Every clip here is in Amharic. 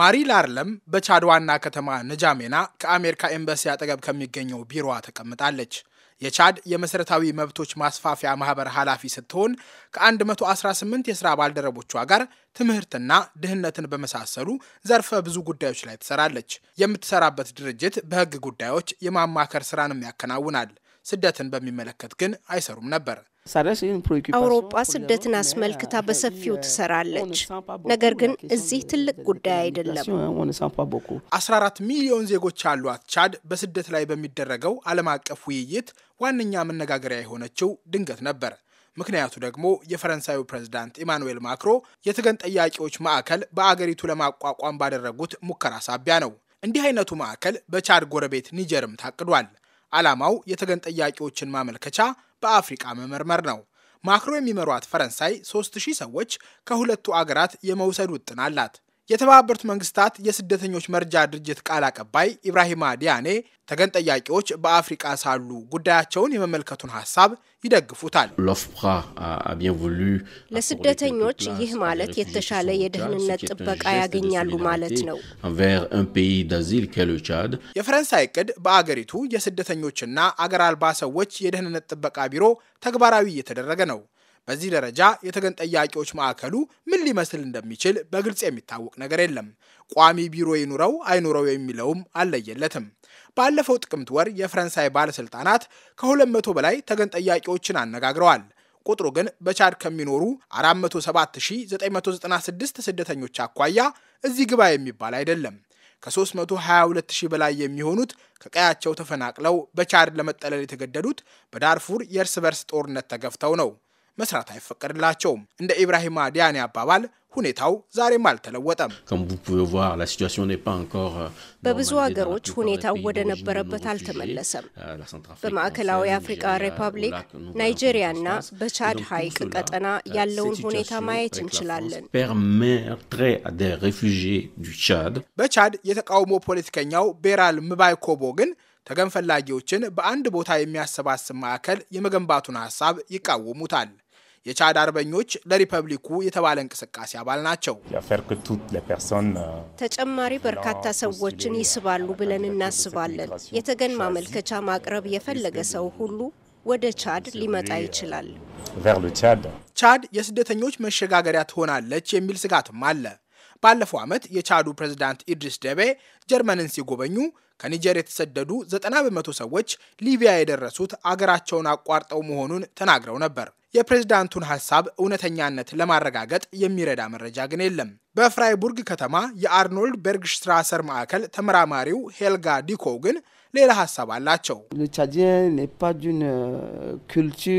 ማሪ ላርለም በቻድ ዋና ከተማ ንጃሜና ከአሜሪካ ኤምባሲ አጠገብ ከሚገኘው ቢሮዋ ተቀምጣለች። የቻድ የመሠረታዊ መብቶች ማስፋፊያ ማህበር ኃላፊ ስትሆን ከ118 የሥራ ባልደረቦቿ ጋር ትምህርትና ድህነትን በመሳሰሉ ዘርፈ ብዙ ጉዳዮች ላይ ትሰራለች። የምትሰራበት ድርጅት በሕግ ጉዳዮች የማማከር ስራንም ያከናውናል። ስደትን በሚመለከት ግን አይሰሩም ነበር። አውሮጳ ስደትን አስመልክታ euh, በሰፊው ትሰራለች። ነገር ግን እዚህ ትልቅ ጉዳይ አይደለም። 14 ሚሊዮን ዜጎች ያሏት ቻድ በስደት ላይ በሚደረገው ዓለም አቀፍ ውይይት ዋነኛ መነጋገሪያ የሆነችው ድንገት ነበር። ምክንያቱ ደግሞ የፈረንሳዩ ፕሬዝዳንት ኢማኑኤል ማክሮ የትገን ጠያቂዎች ማዕከል በአገሪቱ ለማቋቋም ባደረጉት ሙከራ ሳቢያ ነው። እንዲህ አይነቱ ማዕከል በቻድ ጎረቤት ኒጀርም ታቅዷል። ዓላማው የተገን ጠያቂዎችን ማመልከቻ በአፍሪቃ መመርመር ነው። ማክሮ የሚመሯት ፈረንሳይ 3000 ሰዎች ከሁለቱ አገራት የመውሰድ ውጥን አላት። የተባበሩት መንግስታት የስደተኞች መርጃ ድርጅት ቃል አቀባይ ኢብራሂማ ዲያኔ ተገን ጠያቂዎች በአፍሪቃ ሳሉ ጉዳያቸውን የመመልከቱን ሀሳብ ይደግፉታል። ለስደተኞች ይህ ማለት የተሻለ የደህንነት ጥበቃ ያገኛሉ ማለት ነው። የፈረንሳይ እቅድ በአገሪቱ የስደተኞችና አገር አልባ ሰዎች የደህንነት ጥበቃ ቢሮ ተግባራዊ እየተደረገ ነው። በዚህ ደረጃ የተገን ጠያቂዎች ማዕከሉ ምን ሊመስል እንደሚችል በግልጽ የሚታወቅ ነገር የለም። ቋሚ ቢሮ ይኑረው አይኑረው የሚለውም አለየለትም። ባለፈው ጥቅምት ወር የፈረንሳይ ባለስልጣናት ከ200 በላይ ተገን ጠያቂዎችን አነጋግረዋል። ቁጥሩ ግን በቻድ ከሚኖሩ 47996 ስደተኞች አኳያ እዚህ ግባ የሚባል አይደለም። ከ322000 በላይ የሚሆኑት ከቀያቸው ተፈናቅለው በቻድ ለመጠለል የተገደዱት በዳርፉር የእርስ በርስ ጦርነት ተገፍተው ነው። መስራት አይፈቀድላቸውም። እንደ ኢብራሂማ ዲያኔ አባባል ሁኔታው ዛሬም አልተለወጠም። euh, በብዙ ሀገሮች ሁኔታው ወደ ነበረበት አልተመለሰም። euh, በማዕከላዊ አፍሪካ ሪፐብሊክ፣ ና በቻድ ሐይቅ ቀጠና euh, ያለውን ሁኔታ ማየት እንችላለን። በቻድ የተቃውሞ ፖለቲከኛው ቤራል ምባይ ኮቦ ግን ተገን ፈላጊዎችን በአንድ ቦታ የሚያሰባስብ ማዕከል የመገንባቱን ሀሳብ ይቃወሙታል። የቻድ አርበኞች ለሪፐብሊኩ የተባለ እንቅስቃሴ አባል ናቸው። euh, ተጨማሪ በርካታ ሰዎችን ይስባሉ ብለን እናስባለን። የተገን ማመልከቻ ማቅረብ የፈለገ ሰው ሁሉ ወደ ቻድ ሊመጣ ይችላል። ቻድ የስደተኞች መሸጋገሪያ ትሆናለች የሚል ስጋትም አለ። ባለፈው ዓመት የቻዱ ፕሬዝዳንት ኢድሪስ ደቤ ጀርመንን ሲጎበኙ ከኒጀር የተሰደዱ ዘጠና በመቶ ሰዎች ሊቢያ የደረሱት አገራቸውን አቋርጠው መሆኑን ተናግረው ነበር። የፕሬዝዳንቱን ሀሳብ እውነተኛነት ለማረጋገጥ የሚረዳ መረጃ ግን የለም። በፍራይቡርግ ከተማ የአርኖልድ በርግሽትራሰር ማዕከል ተመራማሪው ሄልጋ ዲኮ ግን ሌላ ሀሳብ አላቸው። euh,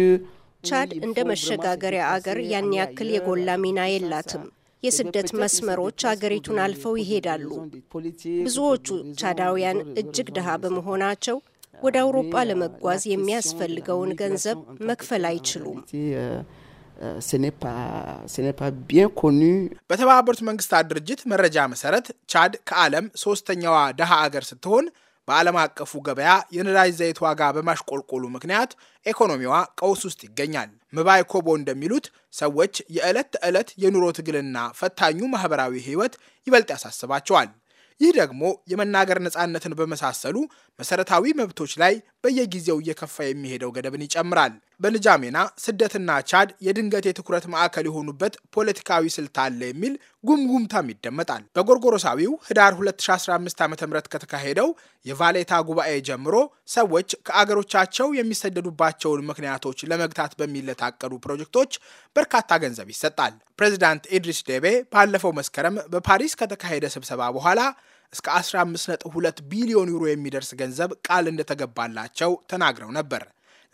ቻድ እንደ መሸጋገሪያ አገር ያን ያክል የጎላ ሚና የላትም። የስደት መስመሮች አገሪቱን አልፈው ይሄዳሉ። ብዙዎቹ ቻዳውያን እጅግ ድሃ በመሆናቸው ወደ አውሮጳ ለመጓዝ የሚያስፈልገውን ገንዘብ መክፈል አይችሉም። በተባበሩት መንግስታት ድርጅት መረጃ መሰረት ቻድ ከዓለም ሶስተኛዋ ደሃ አገር ስትሆን በዓለም አቀፉ ገበያ የነዳጅ ዘይት ዋጋ በማሽቆልቆሉ ምክንያት ኢኮኖሚዋ ቀውስ ውስጥ ይገኛል። ምባይ ኮቦ እንደሚሉት ሰዎች የዕለት ተዕለት የኑሮ ትግልና ፈታኙ ማህበራዊ ህይወት ይበልጥ ያሳስባቸዋል። ይህ ደግሞ የመናገር ነፃነትን በመሳሰሉ መሰረታዊ መብቶች ላይ በየጊዜው እየከፋ የሚሄደው ገደብን ይጨምራል። በንጃሜና ስደትና ቻድ የድንገት የትኩረት ማዕከል የሆኑበት ፖለቲካዊ ስልት አለ የሚል ጉምጉምታም ይደመጣል። በጎርጎሮሳዊው ህዳር 2015 ዓ ም ከተካሄደው የቫሌታ ጉባኤ ጀምሮ ሰዎች ከአገሮቻቸው የሚሰደዱባቸውን ምክንያቶች ለመግታት በሚል ለታቀዱ ፕሮጀክቶች በርካታ ገንዘብ ይሰጣል። ፕሬዚዳንት ኢድሪስ ዴቤ ባለፈው መስከረም በፓሪስ ከተካሄደ ስብሰባ በኋላ እስከ 15.2 ቢሊዮን ዩሮ የሚደርስ ገንዘብ ቃል እንደተገባላቸው ተናግረው ነበር።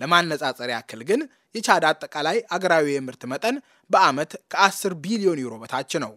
ለማነጻጸር ያክል ግን የቻድ አጠቃላይ አገራዊ የምርት መጠን በዓመት ከ10 ቢሊዮን ዩሮ በታች ነው።